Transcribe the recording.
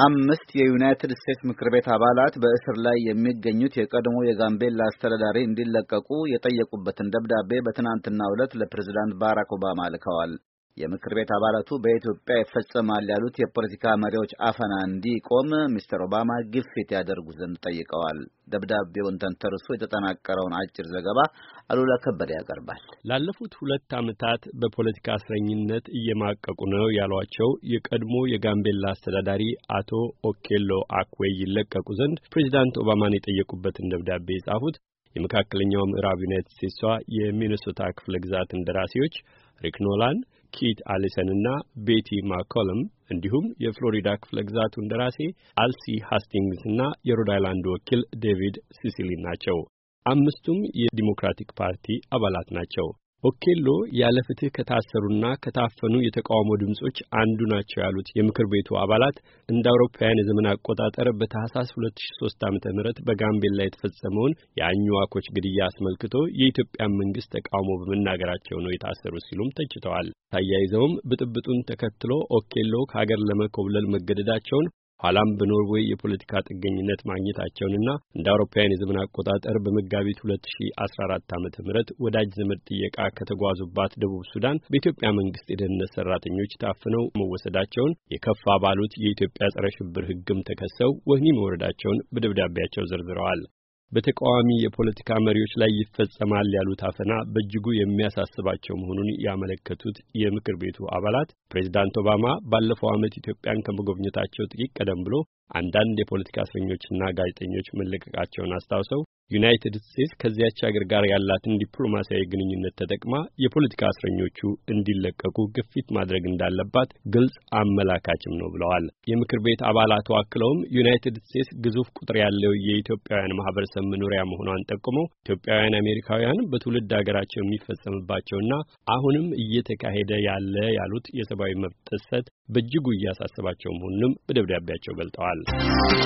አምስት የዩናይትድ ስቴትስ ምክር ቤት አባላት በእስር ላይ የሚገኙት የቀድሞ የጋምቤላ አስተዳዳሪ እንዲለቀቁ የጠየቁበትን ደብዳቤ በትናንትናው ዕለት ለፕሬዝዳንት ባራክ ኦባማ ልከዋል። የምክር ቤት አባላቱ በኢትዮጵያ ይፈጸማል ያሉት የፖለቲካ መሪዎች አፈና እንዲቆም ሚስተር ኦባማ ግፊት ያደርጉ ዘንድ ጠይቀዋል። ደብዳቤውን ተንተርሶ የተጠናቀረውን አጭር ዘገባ አሉላ ከበደ ያቀርባል። ላለፉት ሁለት ዓመታት በፖለቲካ እስረኝነት እየማቀቁ ነው ያሏቸው የቀድሞ የጋምቤላ አስተዳዳሪ አቶ ኦኬሎ አክዌ ይለቀቁ ዘንድ ፕሬዚዳንት ኦባማን የጠየቁበትን ደብዳቤ የጻፉት የመካከለኛው ምዕራብ ዩናይትድ ስቴትሷ የሚኒሶታ ክፍለ ግዛት እንደራሴዎች ሪክ ኖላን፣ ኪት አሊሰን እና ቤቲ ማኮለም እንዲሁም የፍሎሪዳ ክፍለ ግዛቱ እንደራሴ አልሲ ሃስቲንግስ እና የሮድ አይላንድ ወኪል ዴቪድ ሲሲሊን ናቸው። አምስቱም የዲሞክራቲክ ፓርቲ አባላት ናቸው። ኦኬሎ ያለ ፍትህ ከታሰሩና ከታፈኑ የተቃውሞ ድምጾች አንዱ ናቸው ያሉት የምክር ቤቱ አባላት እንደ አውሮፓውያን የዘመን አቆጣጠር በታህሳስ 2003 ዓ.ም በጋምቤላ የተፈጸመውን የአኝዋኮች ግድያ አስመልክቶ የኢትዮጵያን መንግስት ተቃውሞ በመናገራቸው ነው የታሰሩ ሲሉም ተችተዋል። ታያይዘውም ብጥብጡን ተከትሎ ኦኬሎ ከሀገር ለመኮብለል መገደዳቸውን ኋላም በኖርዌይ የፖለቲካ ጥገኝነት ማግኘታቸውንና እንደ አውሮፓውያን የዘመን አቆጣጠር በመጋቢት 2014 ዓ.ም ወዳጅ ዘመድ ጥየቃ ከተጓዙባት ደቡብ ሱዳን በኢትዮጵያ መንግስት የደህንነት ሰራተኞች ታፍነው መወሰዳቸውን የከፋ ባሉት የኢትዮጵያ ጸረ ሽብር ህግም ተከሰው ወህኒ መውረዳቸውን በደብዳቤያቸው ዘርዝረዋል። በተቃዋሚ የፖለቲካ መሪዎች ላይ ይፈጸማል ያሉት አፈና በእጅጉ የሚያሳስባቸው መሆኑን ያመለከቱት የምክር ቤቱ አባላት ፕሬዚዳንት ኦባማ ባለፈው ዓመት ኢትዮጵያን ከመጎብኘታቸው ጥቂት ቀደም ብሎ አንዳንድ የፖለቲካ እስረኞችና ጋዜጠኞች መለቀቃቸውን አስታውሰው ዩናይትድ ስቴትስ ከዚያች ሀገር ጋር ያላትን ዲፕሎማሲያዊ ግንኙነት ተጠቅማ የፖለቲካ እስረኞቹ እንዲለቀቁ ግፊት ማድረግ እንዳለባት ግልጽ አመላካችም ነው ብለዋል። የምክር ቤት አባላቱ አክለውም ዩናይትድ ስቴትስ ግዙፍ ቁጥር ያለው የኢትዮጵያውያን ማህበረሰብ መኖሪያ መሆኗን ጠቁመው ኢትዮጵያውያን አሜሪካውያን በትውልድ ሀገራቸው የሚፈጸምባቸውና አሁንም እየተካሄደ ያለ ያሉት የሰብአዊ መብት ጥሰት በእጅጉ እያሳሰባቸው መሆኑንም በደብዳቤያቸው ገልጠዋል። News.